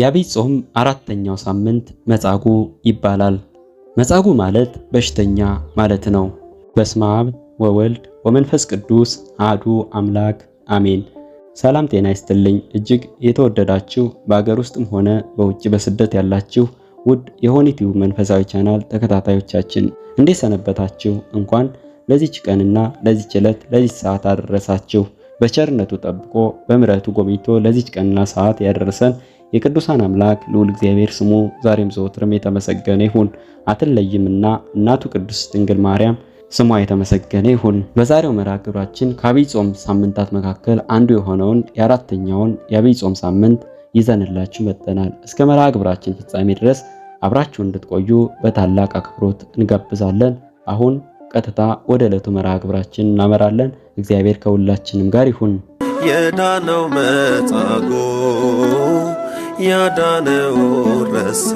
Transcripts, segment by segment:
የአብይ ጾም አራተኛው ሳምንት መጻጉ ይባላል። መጻጉ ማለት በሽተኛ ማለት ነው። በስመ አብ ወወልድ ወመንፈስ ቅዱስ አሐዱ አምላክ አሜን። ሰላም ጤና ይስጥልኝ። እጅግ የተወደዳችሁ በአገር ውስጥም ሆነ በውጭ በስደት ያላችሁ ውድ የሆኒቲው መንፈሳዊ ቻናል ተከታታዮቻችን እንዴት ሰነበታችሁ? እንኳን ለዚች ቀንና ለዚች ዕለት ለዚች ሰዓት አደረሳችሁ። በቸርነቱ ጠብቆ በምሕረቱ ጎብኝቶ ለዚች ቀንና ሰዓት ያደረሰን የቅዱሳን አምላክ ልዑል እግዚአብሔር ስሙ ዛሬም ዘወትርም የተመሰገነ ይሁን። አትለይምና እናቱ ቅድስት ድንግል ማርያም ስሟ የተመሰገነ ይሁን። በዛሬው መርሃ ግብራችን ከአብይ ጾም ሳምንታት መካከል አንዱ የሆነውን የአራተኛውን የአብይ ጾም ሳምንት ይዘንላችሁ መጥተናል። እስከ መርሃ ግብራችን ፍጻሜ ድረስ አብራችሁ እንድትቆዩ በታላቅ አክብሮት እንጋብዛለን። አሁን ቀጥታ ወደ ዕለቱ መርሃ ግብራችን እናመራለን። እግዚአብሔር ከሁላችንም ጋር ይሁን። የዳነው መጻጎ ያዳነውን ረሳ።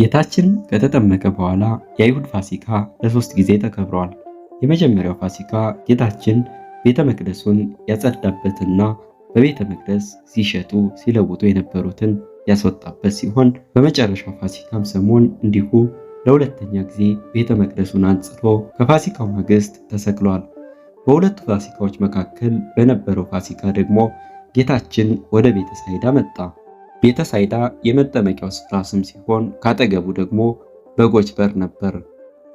ጌታችን ከተጠመቀ በኋላ የአይሁድ ፋሲካ ለሶስት ጊዜ ተከብሯል። የመጀመሪያው ፋሲካ ጌታችን ቤተ መቅደሱን ያጸዳበትና በቤተ መቅደስ ሲሸጡ ሲለውጡ የነበሩትን ያስወጣበት ሲሆን በመጨረሻው ፋሲካም ሰሞን እንዲሁ ለሁለተኛ ጊዜ ቤተ መቅደሱን አንጽቶ ከፋሲካው ማግስት ተሰቅሏል። በሁለቱ ፋሲካዎች መካከል በነበረው ፋሲካ ደግሞ ጌታችን ወደ ቤተ ሳይዳ መጣ። ቤተ ሳይዳ የመጠመቂያው ስፍራ ስም ሲሆን ካጠገቡ ደግሞ በጎች በር ነበር።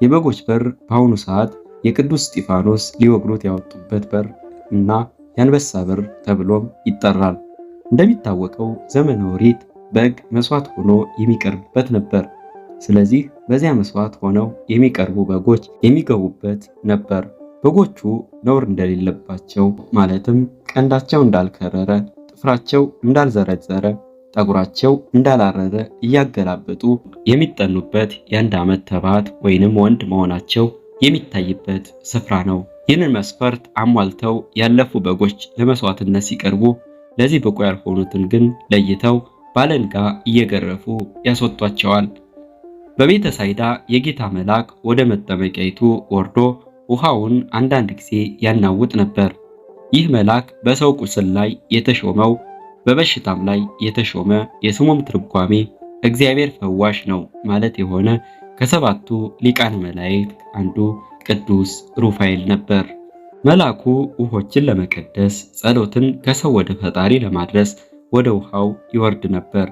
የበጎች በር በአሁኑ ሰዓት የቅዱስ እስጢፋኖስ ሊወግሩት ያወጡበት በር እና የአንበሳ በር ተብሎም ይጠራል። እንደሚታወቀው ዘመነ ኦሪት በግ መስዋዕት ሆኖ የሚቀርብበት ነበር። ስለዚህ በዚያ መስዋዕት ሆነው የሚቀርቡ በጎች የሚገቡበት ነበር። በጎቹ ነውር እንደሌለባቸው ማለትም ቀንዳቸው እንዳልከረረ፣ ጥፍራቸው እንዳልዘረዘረ፣ ጠጉራቸው እንዳላረረ እያገላበጡ የሚጠኑበት የአንድ ዓመት ተባት ወይንም ወንድ መሆናቸው የሚታይበት ስፍራ ነው። ይህንን መስፈርት አሟልተው ያለፉ በጎች ለመስዋዕትነት ሲቀርቡ ለዚህ ብቁ ያልሆኑትን ግን ለይተው ባለንጋ እየገረፉ ያስወጧቸዋል። በቤተ ሳይዳ የጌታ መልአክ ወደ መጠመቂያይቱ ወርዶ ውሃውን አንዳንድ ጊዜ ያናውጥ ነበር። ይህ መልአክ በሰው ቁስል ላይ የተሾመው በበሽታም ላይ የተሾመ የስሙም ትርጓሜ እግዚአብሔር ፈዋሽ ነው ማለት የሆነ ከሰባቱ ሊቃነ መላእክት አንዱ ቅዱስ ሩፋኤል ነበር። መልአኩ ውሆችን ለመቀደስ ጸሎትን ከሰው ወደ ፈጣሪ ለማድረስ ወደ ውሃው ይወርድ ነበር።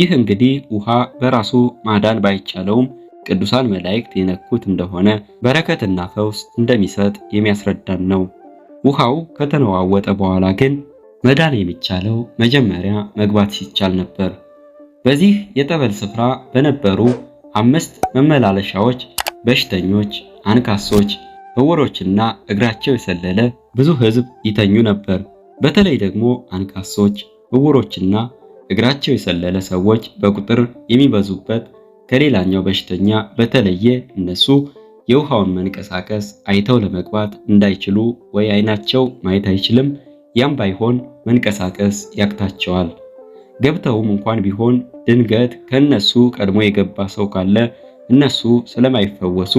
ይህ እንግዲህ ውሃ በራሱ ማዳን ባይቻለውም ቅዱሳን መላእክት የነኩት እንደሆነ በረከትና ፈውስ እንደሚሰጥ የሚያስረዳን ነው። ውሃው ከተነዋወጠ በኋላ ግን መዳን የሚቻለው መጀመሪያ መግባት ሲቻል ነበር። በዚህ የጠበል ስፍራ በነበሩ አምስት መመላለሻዎች በሽተኞች፣ አንካሶች፣ እውሮችና እግራቸው የሰለለ ብዙ ሕዝብ ይተኙ ነበር። በተለይ ደግሞ አንካሶች፣ እውሮችና እግራቸው የሰለለ ሰዎች በቁጥር የሚበዙበት ከሌላኛው በሽተኛ በተለየ እነሱ የውሃውን መንቀሳቀስ አይተው ለመግባት እንዳይችሉ ወይ አይናቸው ማየት አይችልም፣ ያም ባይሆን መንቀሳቀስ ያቅታቸዋል። ገብተውም እንኳን ቢሆን ድንገት ከነሱ ቀድሞ የገባ ሰው ካለ እነሱ ስለማይፈወሱ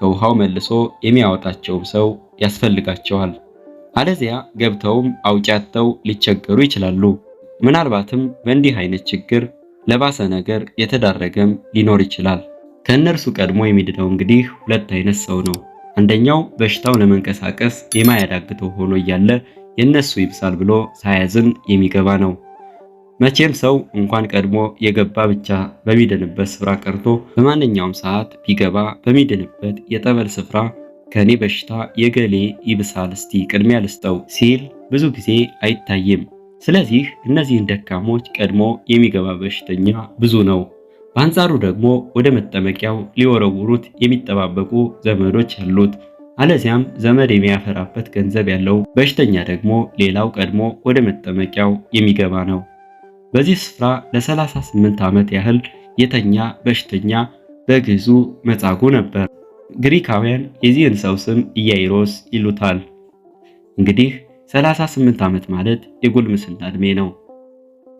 ከውሃው መልሶ የሚያወጣቸውም ሰው ያስፈልጋቸዋል። አለዚያ ገብተውም አውጪ አጥተው ሊቸገሩ ይችላሉ። ምናልባትም በእንዲህ አይነት ችግር ለባሰ ነገር የተዳረገም ሊኖር ይችላል። ከእነርሱ ቀድሞ የሚድነው እንግዲህ ሁለት አይነት ሰው ነው። አንደኛው በሽታው ለመንቀሳቀስ የማያዳግተው ሆኖ እያለ የእነሱ ይብሳል ብሎ ሳያዝን የሚገባ ነው። መቼም ሰው እንኳን ቀድሞ የገባ ብቻ በሚድንበት ስፍራ ቀርቶ በማንኛውም ሰዓት ቢገባ በሚድንበት የጠበል ስፍራ ከእኔ በሽታ የገሌ ይብሳል እስቲ ቅድሚያ ልስጠው ሲል ብዙ ጊዜ አይታይም። ስለዚህ እነዚህን ደካሞች ቀድሞ የሚገባ በሽተኛ ብዙ ነው። በአንጻሩ ደግሞ ወደ መጠመቂያው ሊወረውሩት የሚጠባበቁ ዘመዶች አሉት። አለዚያም ዘመድ የሚያፈራበት ገንዘብ ያለው በሽተኛ ደግሞ ሌላው ቀድሞ ወደ መጠመቂያው የሚገባ ነው። በዚህ ስፍራ ለ38 ዓመት ያህል የተኛ በሽተኛ በግዕዙ መጻጉዕ ነበር። ግሪካውያን የዚህን ሰው ስም ኢያኢሮስ ይሉታል። እንግዲህ 38 ዓመት ማለት የጉልምስና ዕድሜ ነው።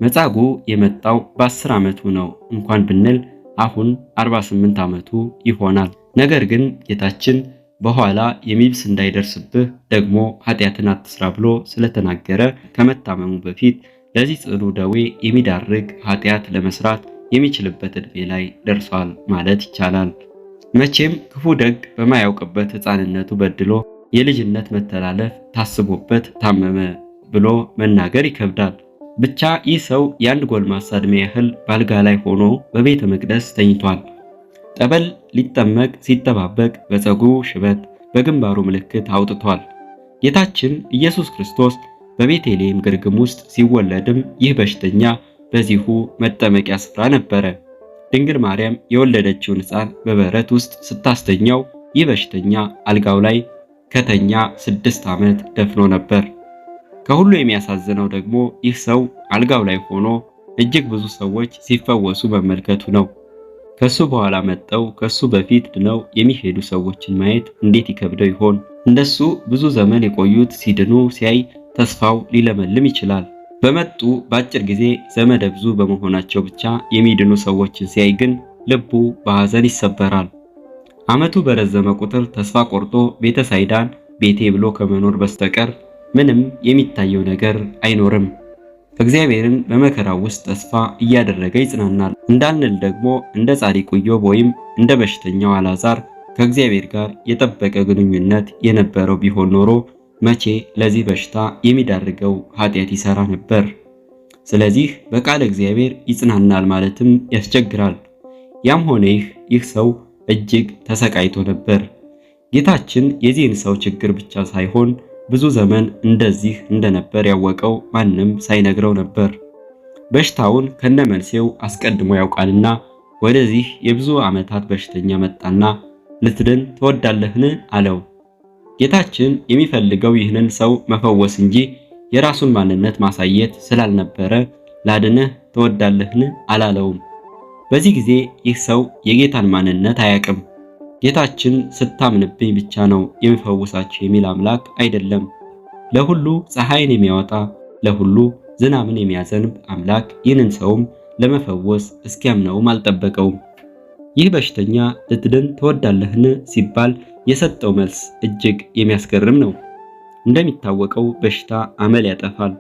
መጻጉ የመጣው በ10 ዓመቱ ነው እንኳን ብንል አሁን 48 ዓመቱ ይሆናል። ነገር ግን ጌታችን በኋላ የሚብስ እንዳይደርስብህ ደግሞ ኃጢአትን አትስራ ብሎ ስለተናገረ ከመታመሙ በፊት ለዚህ ጽኑ ደዌ የሚዳርግ ኃጢአት ለመስራት የሚችልበት ዕድሜ ላይ ደርሷል ማለት ይቻላል። መቼም ክፉ ደግ በማያውቅበት ሕፃንነቱ በድሎ የልጅነት መተላለፍ ታስቦበት ታመመ ብሎ መናገር ይከብዳል። ብቻ ይህ ሰው የአንድ ጎልማሳ ዕድሜ ያህል ባልጋ ላይ ሆኖ በቤተ መቅደስ ተኝቷል። ጠበል ሊጠመቅ ሲጠባበቅ በፀጉሩ ሽበት፣ በግንባሩ ምልክት አውጥቷል። ጌታችን ኢየሱስ ክርስቶስ በቤተልሔም ግርግም ውስጥ ሲወለድም ይህ በሽተኛ በዚሁ መጠመቂያ ስፍራ ነበረ። ድንግል ማርያም የወለደችውን ሕፃን በበረት ውስጥ ስታስተኛው ይህ በሽተኛ አልጋው ላይ ከተኛ ስድስት ዓመት ደፍኖ ነበር። ከሁሉ የሚያሳዝነው ደግሞ ይህ ሰው አልጋው ላይ ሆኖ እጅግ ብዙ ሰዎች ሲፈወሱ መመልከቱ ነው። ከሱ በኋላ መጠው ከሱ በፊት ድነው የሚሄዱ ሰዎችን ማየት እንዴት ይከብደው ይሆን? እንደሱ ብዙ ዘመን የቆዩት ሲድኑ ሲያይ ተስፋው ሊለመልም ይችላል። በመጡ በአጭር ጊዜ ዘመደ ብዙ በመሆናቸው ብቻ የሚድኑ ሰዎችን ሲያይ ግን ልቡ በሐዘን ይሰበራል። ዓመቱ በረዘመ ቁጥር ተስፋ ቆርጦ ቤተ ሳይዳን ቤቴ ብሎ ከመኖር በስተቀር ምንም የሚታየው ነገር አይኖርም። እግዚአብሔርን በመከራው ውስጥ ተስፋ እያደረገ ይጽናናል እንዳንል ደግሞ እንደ ጻድቁ ኢዮብ ወይም እንደ በሽተኛው አልዓዛር ከእግዚአብሔር ጋር የጠበቀ ግንኙነት የነበረው ቢሆን ኖሮ መቼ ለዚህ በሽታ የሚዳርገው ኃጢአት ይሰራ ነበር? ስለዚህ በቃል እግዚአብሔር ይጽናናል ማለትም ያስቸግራል። ያም ሆነ ይህ ይህ ሰው እጅግ ተሰቃይቶ ነበር። ጌታችን የዚህን ሰው ችግር ብቻ ሳይሆን ብዙ ዘመን እንደዚህ እንደነበር ያወቀው ማንም ሳይነግረው ነበር። በሽታውን ከነመልሴው አስቀድሞ ያውቃልና ወደዚህ የብዙ ዓመታት በሽተኛ መጣና ልትድን ትወዳለህን? አለው። ጌታችን የሚፈልገው ይህንን ሰው መፈወስ እንጂ የራሱን ማንነት ማሳየት ስላልነበረ ላድንህ ትወዳለህን? አላለውም። በዚህ ጊዜ ይህ ሰው የጌታን ማንነት አያውቅም። ጌታችን ስታምንብኝ ብቻ ነው የሚፈውሳችሁ የሚል አምላክ አይደለም። ለሁሉ ፀሐይን የሚያወጣ ለሁሉ ዝናብን የሚያዘንብ አምላክ ይህንን ሰውም ለመፈወስ እስኪያምነውም አልጠበቀውም። ይህ በሽተኛ ልትድን ትወዳለህን ሲባል የሰጠው መልስ እጅግ የሚያስገርም ነው። እንደሚታወቀው በሽታ አመል ያጠፋል።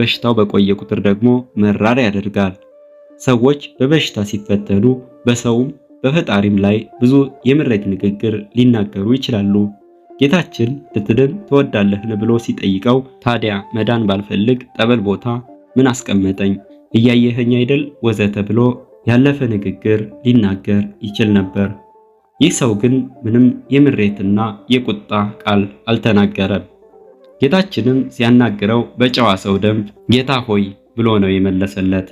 በሽታው በቆየ ቁጥር ደግሞ መራር ያደርጋል። ሰዎች በበሽታ ሲፈተኑ በሰውም በፈጣሪም ላይ ብዙ የምሬት ንግግር ሊናገሩ ይችላሉ። ጌታችን ልትድን ትወዳለህን ብሎ ሲጠይቀው ታዲያ መዳን ባልፈልግ ጠበል ቦታ ምን አስቀመጠኝ እያየኸኝ አይደል ወዘተ ብሎ ያለፈ ንግግር ሊናገር ይችል ነበር። ይህ ሰው ግን ምንም የምሬትና የቁጣ ቃል አልተናገረም። ጌታችንም ሲያናግረው በጨዋ ሰው ደንብ ጌታ ሆይ ብሎ ነው የመለሰለት።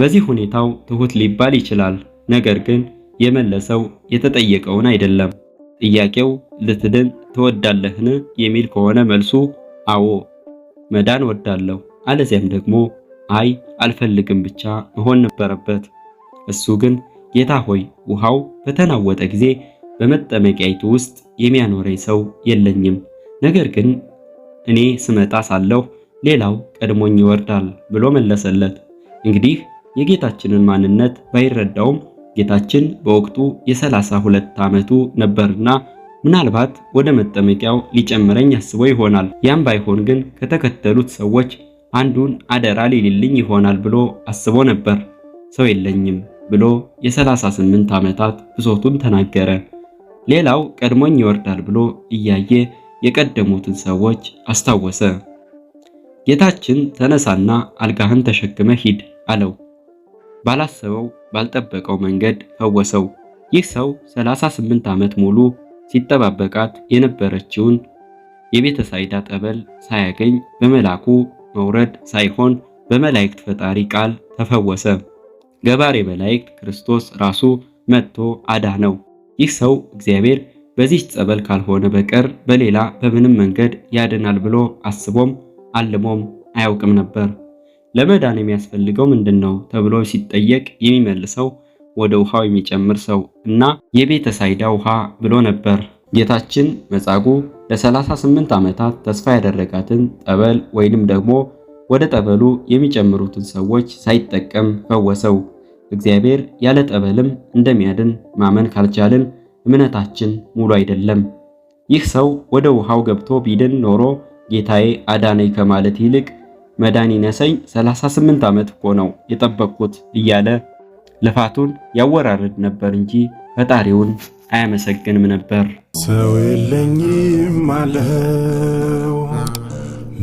በዚህ ሁኔታው ትሁት ሊባል ይችላል። ነገር ግን የመለሰው የተጠየቀውን አይደለም። ጥያቄው ልትድን ትወዳለህን የሚል ከሆነ መልሱ አዎ መዳን ወዳለሁ፣ አለዚያም ደግሞ አይ አልፈልግም ብቻ መሆን ነበረበት። እሱ ግን ጌታ ሆይ ውሃው በተናወጠ ጊዜ በመጠመቂያይቱ ውስጥ የሚያኖረኝ ሰው የለኝም፣ ነገር ግን እኔ ስመጣ ሳለሁ ሌላው ቀድሞኝ ይወርዳል ብሎ መለሰለት። እንግዲህ የጌታችንን ማንነት ባይረዳውም ጌታችን በወቅቱ የሰላሳ ሁለት ዓመቱ ነበርና ምናልባት ወደ መጠመቂያው ሊጨምረኝ አስቦ ይሆናል። ያም ባይሆን ግን ከተከተሉት ሰዎች አንዱን አደራ ሊልልኝ ይሆናል ብሎ አስቦ ነበር። ሰው የለኝም ብሎ የ38 ዓመታት ብሶቱን ተናገረ። ሌላው ቀድሞኝ ይወርዳል ብሎ እያየ የቀደሙትን ሰዎች አስታወሰ። ጌታችን ተነሳና አልጋህን ተሸክመ ሂድ አለው። ባላሰበው ባልጠበቀው መንገድ ፈወሰው። ይህ ሰው 38 ዓመት ሙሉ ሲጠባበቃት የነበረችውን የቤተ ሳይዳ ጠበል ሳያገኝ በመላኩ መውረድ ሳይሆን በመላእክት ፈጣሪ ቃል ተፈወሰ። ገባሬ መላእክት ክርስቶስ ራሱ መጥቶ አዳነው። ይህ ሰው እግዚአብሔር በዚህ ጸበል ካልሆነ በቀር በሌላ በምንም መንገድ ያድናል ብሎ አስቦም አልሞም አያውቅም ነበር። ለመዳን የሚያስፈልገው ምንድን ነው ተብሎ ሲጠየቅ የሚመልሰው ወደ ውሃው የሚጨምር ሰው እና የቤተ ሳይዳ ውሃ ብሎ ነበር። ጌታችን መጻጉዕ ለ38 ዓመታት ተስፋ ያደረጋትን ጠበል ወይንም ደግሞ ወደ ጠበሉ የሚጨምሩትን ሰዎች ሳይጠቀም ፈወሰው። እግዚአብሔር ያለ ጠበልም እንደሚያድን ማመን ካልቻልን እምነታችን ሙሉ አይደለም። ይህ ሰው ወደ ውሃው ገብቶ ቢድን ኖሮ ጌታዬ አዳነኝ ከማለት ይልቅ መዳን ይነሰኝ 38 ዓመት እኮ ነው የጠበቅኩት እያለ ልፋቱን ያወራርድ ነበር እንጂ ፈጣሪውን አያመሰግንም ነበር። ሰው የለኝም አለው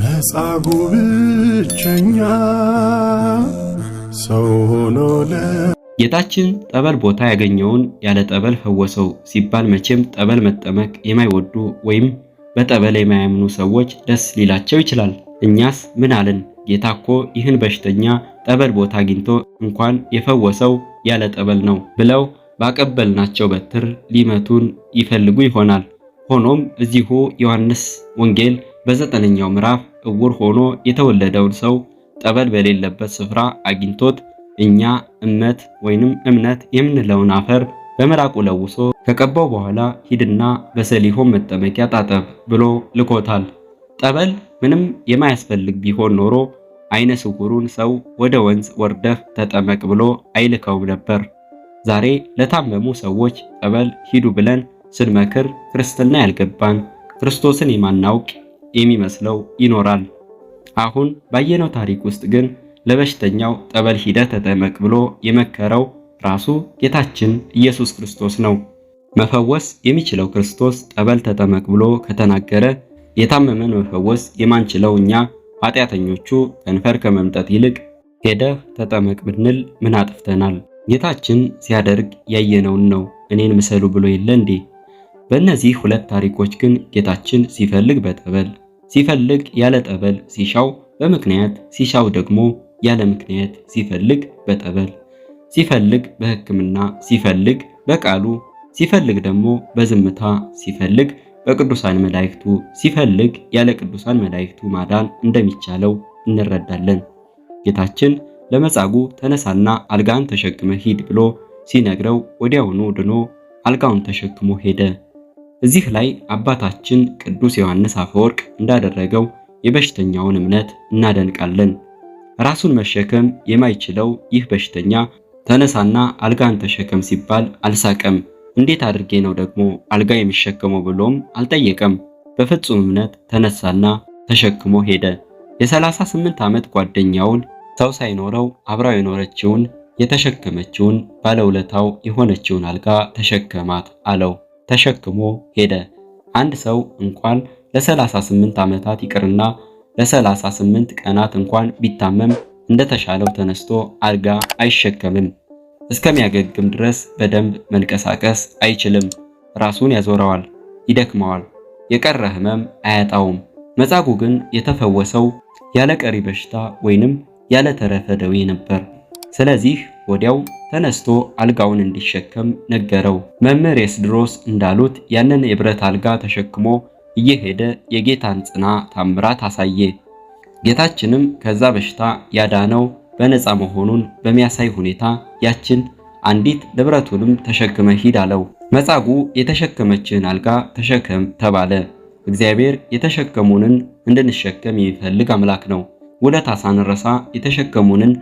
መጻጉዕ ብቸኛ ሰው ሆኖ ጌታችን ጠበል ቦታ ያገኘውን ያለ ጠበል ፈወሰው ሲባል መቼም ጠበል መጠመቅ የማይወዱ ወይም በጠበል የማያምኑ ሰዎች ደስ ሊላቸው ይችላል። እኛስ ምን አልን? ጌታ እኮ ይህን በሽተኛ ጠበል ቦታ አግኝቶ እንኳን የፈወሰው ያለ ጠበል ነው ብለው ባቀበልናቸው በትር ሊመቱን ይፈልጉ ይሆናል። ሆኖም እዚሁ ዮሐንስ ወንጌል በዘጠነኛው ምዕራፍ እውር ሆኖ የተወለደውን ሰው ጠበል በሌለበት ስፍራ አግኝቶት እኛ እመት ወይንም እምነት የምንለውን አፈር በምራቁ ለውሶ ከቀባው በኋላ ሂድና በሰሊሆም መጠመቂያ ጣጠብ ብሎ ልኮታል። ጠበል ምንም የማያስፈልግ ቢሆን ኖሮ አይነ ስውሩን ሰው ወደ ወንዝ ወርደህ ተጠመቅ ብሎ አይልከውም ነበር። ዛሬ ለታመሙ ሰዎች ጠበል ሂዱ ብለን ስንመክር ክርስትና ያልገባን ክርስቶስን የማናውቅ የሚመስለው ይኖራል። አሁን ባየነው ታሪክ ውስጥ ግን ለበሽተኛው ጠበል ሂደ ተጠመቅ ብሎ የመከረው ራሱ ጌታችን ኢየሱስ ክርስቶስ ነው። መፈወስ የሚችለው ክርስቶስ ጠበል ተጠመቅ ብሎ ከተናገረ የታመመን መፈወስ የማንችለው እኛ ኃጢአተኞቹ ከንፈር ከመምጠት ይልቅ ሄደህ ተጠመቅ ብንል ምን አጥፍተናል? ጌታችን ሲያደርግ ያየነውን ነው እኔን ምሰሉ ብሎ የለ እንዴ? በእነዚህ ሁለት ታሪኮች ግን ጌታችን ሲፈልግ በጠበል ሲፈልግ ያለ ጠበል፣ ሲሻው በምክንያት ሲሻው ደግሞ ያለ ምክንያት፣ ሲፈልግ በጠበል ሲፈልግ በሕክምና ሲፈልግ በቃሉ ሲፈልግ ደግሞ በዝምታ ሲፈልግ በቅዱሳን መላእክቱ ሲፈልግ ያለ ቅዱሳን መላእክቱ ማዳን እንደሚቻለው እንረዳለን። ጌታችን ለመጻጉዕ ተነሳና አልጋን ተሸክመ ሂድ ብሎ ሲነግረው ወዲያውኑ ድኖ አልጋውን ተሸክሞ ሄደ። እዚህ ላይ አባታችን ቅዱስ ዮሐንስ አፈወርቅ እንዳደረገው የበሽተኛውን እምነት እናደንቃለን። ራሱን መሸከም የማይችለው ይህ በሽተኛ ተነሳና አልጋን ተሸከም ሲባል አልሳቀም። እንዴት አድርጌ ነው ደግሞ አልጋ የሚሸከመው ብሎም አልጠየቀም። በፍጹም እምነት ተነሳና ተሸክሞ ሄደ። የ38 ዓመት ጓደኛውን ሰው ሳይኖረው አብራው የኖረችውን የተሸከመችውን ባለውለታው የሆነችውን አልጋ ተሸከማት አለው። ተሸክሞ ሄደ። አንድ ሰው እንኳን ለ38 ዓመታት ይቅርና ለ38 ቀናት እንኳን ቢታመም እንደተሻለው ተነስቶ አልጋ አይሸከምም። እስከሚያገግም ድረስ በደንብ መንቀሳቀስ አይችልም። ራሱን ያዞረዋል፣ ይደክመዋል። የቀረ ህመም አያጣውም። መጻጉ ግን የተፈወሰው ያለ ቀሪ በሽታ ወይንም ያለ ተረፈ ደዌ ነበር። ስለዚህ ወዲያው ተነስቶ አልጋውን እንዲሸከም ነገረው። መምህር የስድሮስ እንዳሉት ያንን የብረት አልጋ ተሸክሞ እየሄደ የጌታን ጽና ታምራት አሳየ። ጌታችንም ከዛ በሽታ ያዳነው በነፃ መሆኑን በሚያሳይ ሁኔታ ያችን አንዲት ንብረቱንም ተሸክመ ሂድ አለው። መጻጉ የተሸከመችህን አልጋ ተሸከም ተባለ። እግዚአብሔር የተሸከሙንን እንድንሸከም የሚፈልግ አምላክ ነው። ውለታ ሳንረሳ የተሸከሙንን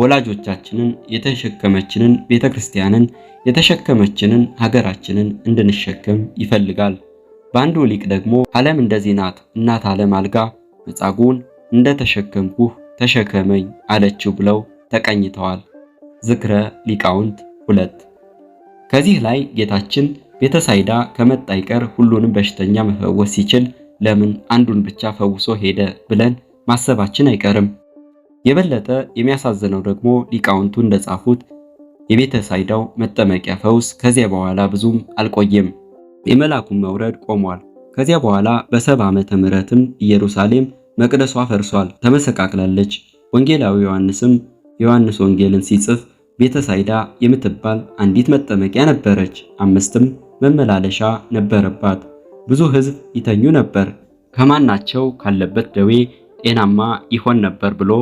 ወላጆቻችንን የተሸከመችንን ቤተ ክርስቲያንን የተሸከመችንን ሀገራችንን እንድንሸከም ይፈልጋል። በአንዱ ሊቅ ደግሞ ዓለም እንደዚህ ናት እናት ዓለም አልጋ መጻጉን እንደተሸከምኩህ ተሸከመኝ አለችው ብለው ተቀኝተዋል። ዝክረ ሊቃውንት ሁለት ከዚህ ላይ ጌታችን ቤተሳይዳ ከመጣ ይቀር ሁሉንም በሽተኛ መፈወስ ሲችል ለምን አንዱን ብቻ ፈውሶ ሄደ ብለን ማሰባችን አይቀርም። የበለጠ የሚያሳዝነው ደግሞ ሊቃውንቱ እንደጻፉት የቤተሳይዳው መጠመቂያ ፈውስ ከዚያ በኋላ ብዙም አልቆየም። የመልአኩም መውረድ ቆሟል። ከዚያ በኋላ በሰባ ዓመተ ምሕረትም ኢየሩሳሌም መቅደሷ ፈርሷል፣ ተመሰቃቅላለች። ወንጌላዊ ዮሐንስም ዮሐንስ ወንጌልን ሲጽፍ ቤተሳይዳ የምትባል አንዲት መጠመቂያ ነበረች። አምስትም መመላለሻ ነበረባት። ብዙ ሕዝብ ይተኙ ነበር። ከማናቸው ካለበት ደዌ ጤናማ ይሆን ነበር ብሎ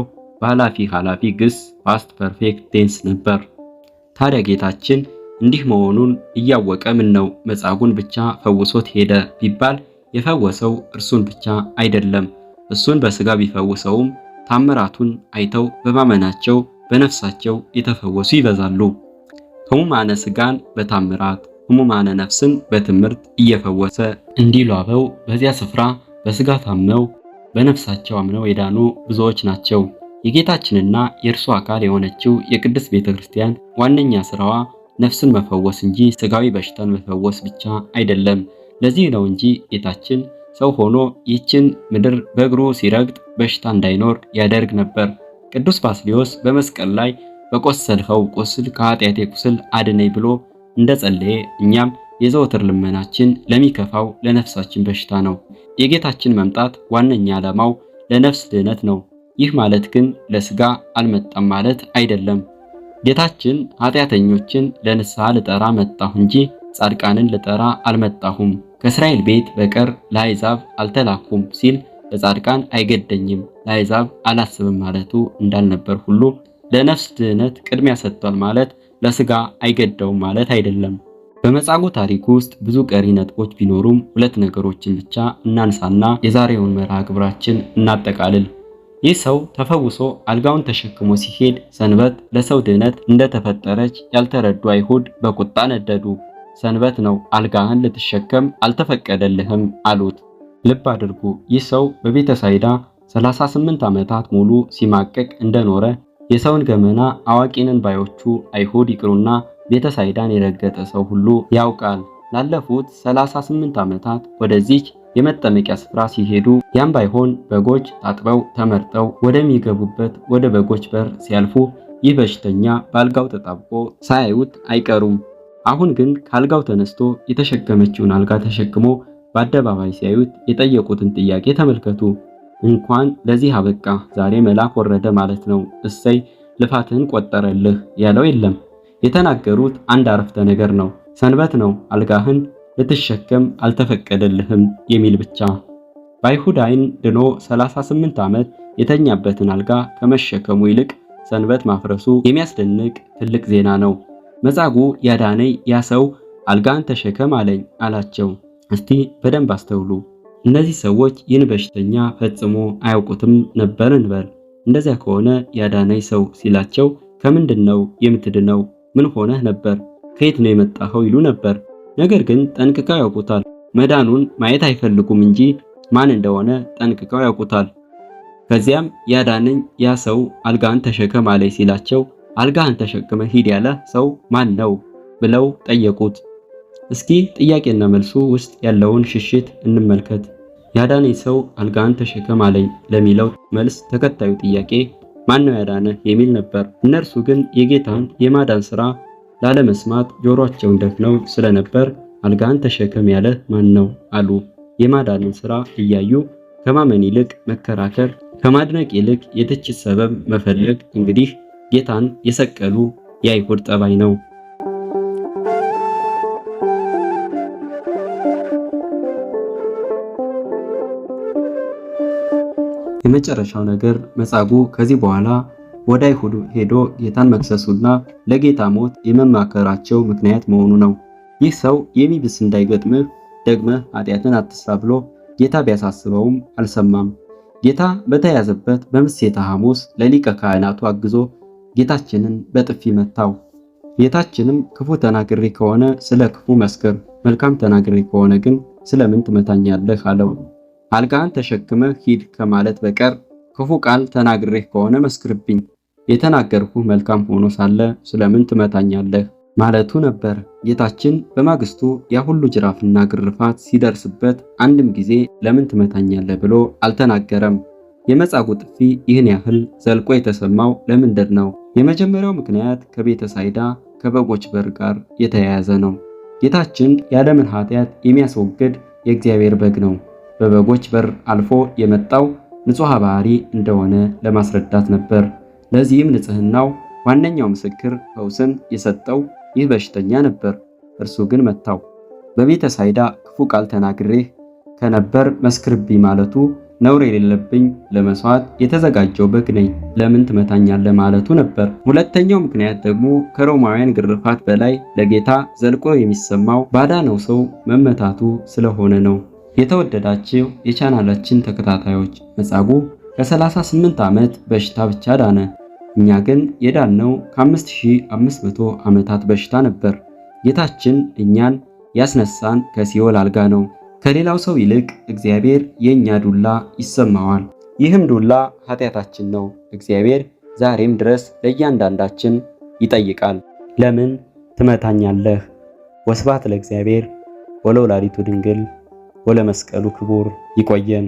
በኃላፊ ኃላፊ ግስ ፋስት ፐርፌክት ቴንስ ነበር። ታዲያ ጌታችን እንዲህ መሆኑን እያወቀ ምን ነው መጻጉን ብቻ ፈውሶት ሄደ ቢባል የፈወሰው እርሱን ብቻ አይደለም እሱን በስጋ ቢፈውሰውም ታምራቱን አይተው በማመናቸው በነፍሳቸው የተፈወሱ ይበዛሉ። ሕሙማነ ስጋን በታምራት ሕሙማነ ነፍስን በትምህርት እየፈወሰ እንዲሏበው በዚያ ስፍራ በስጋ ታመው በነፍሳቸው አምነው የዳኑ ብዙዎች ናቸው። የጌታችንና የእርሱ አካል የሆነችው የቅድስት ቤተ ክርስቲያን ዋነኛ ስራዋ ነፍስን መፈወስ እንጂ ስጋዊ በሽታን መፈወስ ብቻ አይደለም። ለዚህ ነው እንጂ ጌታችን ሰው ሆኖ ይህችን ምድር በእግሩ ሲረግጥ በሽታ እንዳይኖር ያደርግ ነበር። ቅዱስ ባስልዮስ በመስቀል ላይ በቆሰልኸው ቁስል ከኃጢአቴ ቁስል አድነኝ ብሎ እንደጸለየ እኛም የዘወትር ልመናችን ለሚከፋው ለነፍሳችን በሽታ ነው። የጌታችን መምጣት ዋነኛ ዓላማው ለነፍስ ድህነት ነው። ይህ ማለት ግን ለስጋ አልመጣም ማለት አይደለም። ጌታችን ኃጢአተኞችን ለንስሐ ልጠራ መጣሁ እንጂ ጻድቃንን ልጠራ አልመጣሁም ከእስራኤል ቤት በቀር ለአሕዛብ አልተላኩም ሲል ለጻድቃን አይገደኝም ለአሕዛብ አላስብም ማለቱ እንዳልነበር ሁሉ ለነፍስ ድህነት ቅድሚያ ሰጥቷል ማለት ለስጋ አይገደውም ማለት አይደለም። በመጻጉ ታሪክ ውስጥ ብዙ ቀሪ ነጥቦች ቢኖሩም ሁለት ነገሮችን ብቻ እናንሳና የዛሬውን መርሃ ግብራችን እናጠቃልል። ይህ ሰው ተፈውሶ አልጋውን ተሸክሞ ሲሄድ ሰንበት ለሰው ድህነት እንደተፈጠረች ያልተረዱ አይሁድ በቁጣ ነደዱ። ሰንበት ነው፣ አልጋህን ልትሸከም አልተፈቀደልህም አሉት። ልብ አድርጉ፣ ይህ ሰው በቤተ ሳይዳ 38 ዓመታት ሙሉ ሲማቀቅ እንደኖረ የሰውን ገመና አዋቂንን ባዮቹ አይሁድ ይቅሩና ቤተ ሳይዳን የረገጠ ሰው ሁሉ ያውቃል። ላለፉት 38 ዓመታት ወደዚች የመጠመቂያ ስፍራ ሲሄዱ ያም ባይሆን በጎች ታጥበው ተመርጠው ወደሚገቡበት ወደ በጎች በር ሲያልፉ ይህ በሽተኛ በአልጋው ተጣብቆ ሳያዩት አይቀሩም። አሁን ግን ከአልጋው ተነስቶ የተሸከመችውን አልጋ ተሸክሞ በአደባባይ ሲያዩት የጠየቁትን ጥያቄ ተመልከቱ። እንኳን ለዚህ አበቃ ዛሬ መልአክ ወረደ ማለት ነው። እሰይ ልፋትህን ቆጠረልህ ያለው የለም። የተናገሩት አንድ አረፍተ ነገር ነው። ሰንበት ነው፣ አልጋህን ልትሸከም አልተፈቀደልህም የሚል ብቻ። በአይሁድ ዓይን ድኖ 38 ዓመት የተኛበትን አልጋ ከመሸከሙ ይልቅ ሰንበት ማፍረሱ የሚያስደንቅ ትልቅ ዜና ነው። መጻጉ ያዳነኝ ያ ሰው አልጋን ተሸከም አለኝ አላቸው። እስቲ በደንብ አስተውሉ። እነዚህ ሰዎች ይህን በሽተኛ ፈጽሞ አያውቁትም ነበር እንበል። እንደዚያ ከሆነ ያዳነኝ ሰው ሲላቸው ከምንድን ነው የምትድነው? ምን ሆነህ ነበር? ከየት ነው የመጣኸው? ይሉ ነበር። ነገር ግን ጠንቅቀው ያውቁታል። መዳኑን ማየት አይፈልጉም እንጂ ማን እንደሆነ ጠንቅቀው ያውቁታል። ከዚያም ያዳነኝ ያ ሰው አልጋን ተሸከም አለኝ ሲላቸው አልጋህን ተሸክመ ሂድ ያለ ሰው ማን ነው ብለው ጠየቁት። እስኪ ጥያቄና መልሱ ውስጥ ያለውን ሽሽት እንመልከት። ያዳነኝ ሰው አልጋህን ተሸከም አለኝ ለሚለው መልስ ተከታዩ ጥያቄ ማን ነው ያዳነ የሚል ነበር። እነርሱ ግን የጌታን የማዳን ስራ ላለመስማት ጆሮአቸውን ደፍነው ስለነበር አልጋህን ተሸከም ያለ ማን ነው አሉ። የማዳንን ስራ እያዩ ከማመን ይልቅ መከራከር፣ ከማድነቅ ይልቅ የትችት ሰበብ መፈለግ እንግዲህ ጌታን የሰቀሉ የአይሁድ ጠባይ ነው። የመጨረሻው ነገር መጻጉዕ ከዚህ በኋላ ወደ አይሁድ ሄዶ ጌታን መክሰሱና ለጌታ ሞት የመማከራቸው ምክንያት መሆኑ ነው። ይህ ሰው የሚብስ እንዳይገጥምህ ደግመህ ኃጢአትን አትስራ ብሎ ጌታ ቢያሳስበውም አልሰማም። ጌታ በተያዘበት በምሴተ ሐሙስ ለሊቀ ካህናቱ አግዞ ጌታችንን በጥፊ መታው። ጌታችንም ክፉ ተናግሬ ከሆነ ስለ ክፉ መስክር፣ መልካም ተናግሬ ከሆነ ግን ስለምን ትመታኛለህ አለው። አልጋህን ተሸክመ ሂድ ከማለት በቀር ክፉ ቃል ተናግሬህ ከሆነ መስክርብኝ፣ የተናገርኩ መልካም ሆኖ ሳለ ስለምን ትመታኛለህ ማለቱ ነበር። ጌታችን በማግስቱ ያ ሁሉ ጅራፍና ግርፋት ሲደርስበት አንድም ጊዜ ለምን ትመታኛለህ ብሎ አልተናገረም። የመጻጉዕ ጥፊ ይህን ያህል ዘልቆ የተሰማው ለምንድን ነው? የመጀመሪያው ምክንያት ከቤተ ሳይዳ ከበጎች በር ጋር የተያያዘ ነው። ጌታችን የዓለምን ኃጢአት የሚያስወግድ የእግዚአብሔር በግ ነው። በበጎች በር አልፎ የመጣው ንጹሐ ባህሪ እንደሆነ ለማስረዳት ነበር። ለዚህም ንጽህናው ዋነኛው ምስክር ፈውስን የሰጠው ይህ በሽተኛ ነበር። እርሱ ግን መታው። ሳይዳ ክፉ ቃል ተናግሬህ ከነበር መስክርቢ ማለቱ ነውር የሌለብኝ ለመስዋዕት የተዘጋጀው በግ ነኝ ለምን ትመታኛለህ ማለቱ ነበር። ሁለተኛው ምክንያት ደግሞ ከሮማውያን ግርፋት በላይ ለጌታ ዘልቆ የሚሰማው ባዳነው ሰው መመታቱ ስለሆነ ነው። የተወደዳችሁ የቻናላችን ተከታታዮች መጻጉዕ ከ38 ዓመት በሽታ ብቻ ዳነ። እኛ ግን የዳነው ከ5500 ዓመታት በሽታ ነበር። ጌታችን እኛን ያስነሳን ከሲኦል አልጋ ነው። ከሌላው ሰው ይልቅ እግዚአብሔር የእኛ ዱላ ይሰማዋል። ይህም ዱላ ኃጢአታችን ነው። እግዚአብሔር ዛሬም ድረስ ለእያንዳንዳችን ይጠይቃል። ለምን ትመታኛለህ? ወስባት ለእግዚአብሔር ወለወላዲቱ ድንግል ወለመስቀሉ ክቡር። ይቆየን።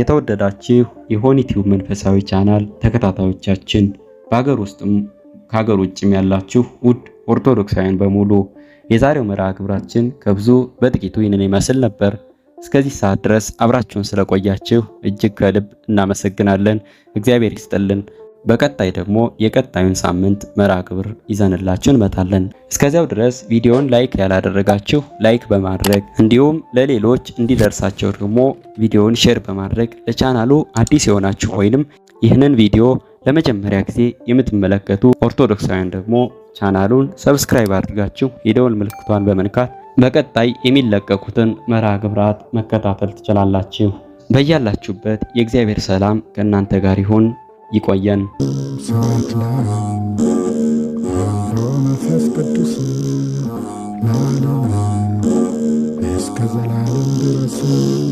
የተወደዳችሁ የሆኒቲው መንፈሳዊ ቻናል ተከታታዮቻችን በሀገር ውስጥም ከሀገር ውጭም ያላችሁ ውድ ኦርቶዶክሳውያን በሙሉ የዛሬው መርሃ ግብራችን ከብዙ በጥቂቱ ይህንን ይመስል ነበር። እስከዚህ ሰዓት ድረስ አብራችሁን ስለቆያችሁ እጅግ ከልብ እናመሰግናለን። እግዚአብሔር ይስጥልን። በቀጣይ ደግሞ የቀጣዩን ሳምንት መርሃ ግብር ይዘንላችሁ እንመጣለን። እስከዚያው ድረስ ቪዲዮን ላይክ ያላደረጋችሁ ላይክ በማድረግ እንዲሁም ለሌሎች እንዲደርሳቸው ደግሞ ቪዲዮውን ሼር በማድረግ ለቻናሉ አዲስ የሆናችሁ ወይንም ይህንን ቪዲዮ ለመጀመሪያ ጊዜ የምትመለከቱ ኦርቶዶክሳውያን ደግሞ ቻናሉን ሰብስክራይብ አድርጋችሁ የደወል ምልክቷን በመንካት በቀጣይ የሚለቀቁትን መርሃ ግብራት መከታተል ትችላላችሁ። በያላችሁበት የእግዚአብሔር ሰላም ከእናንተ ጋር ይሁን። ይቆየን። መንፈስ ቅዱስ እስከ ዘላለም ድረስ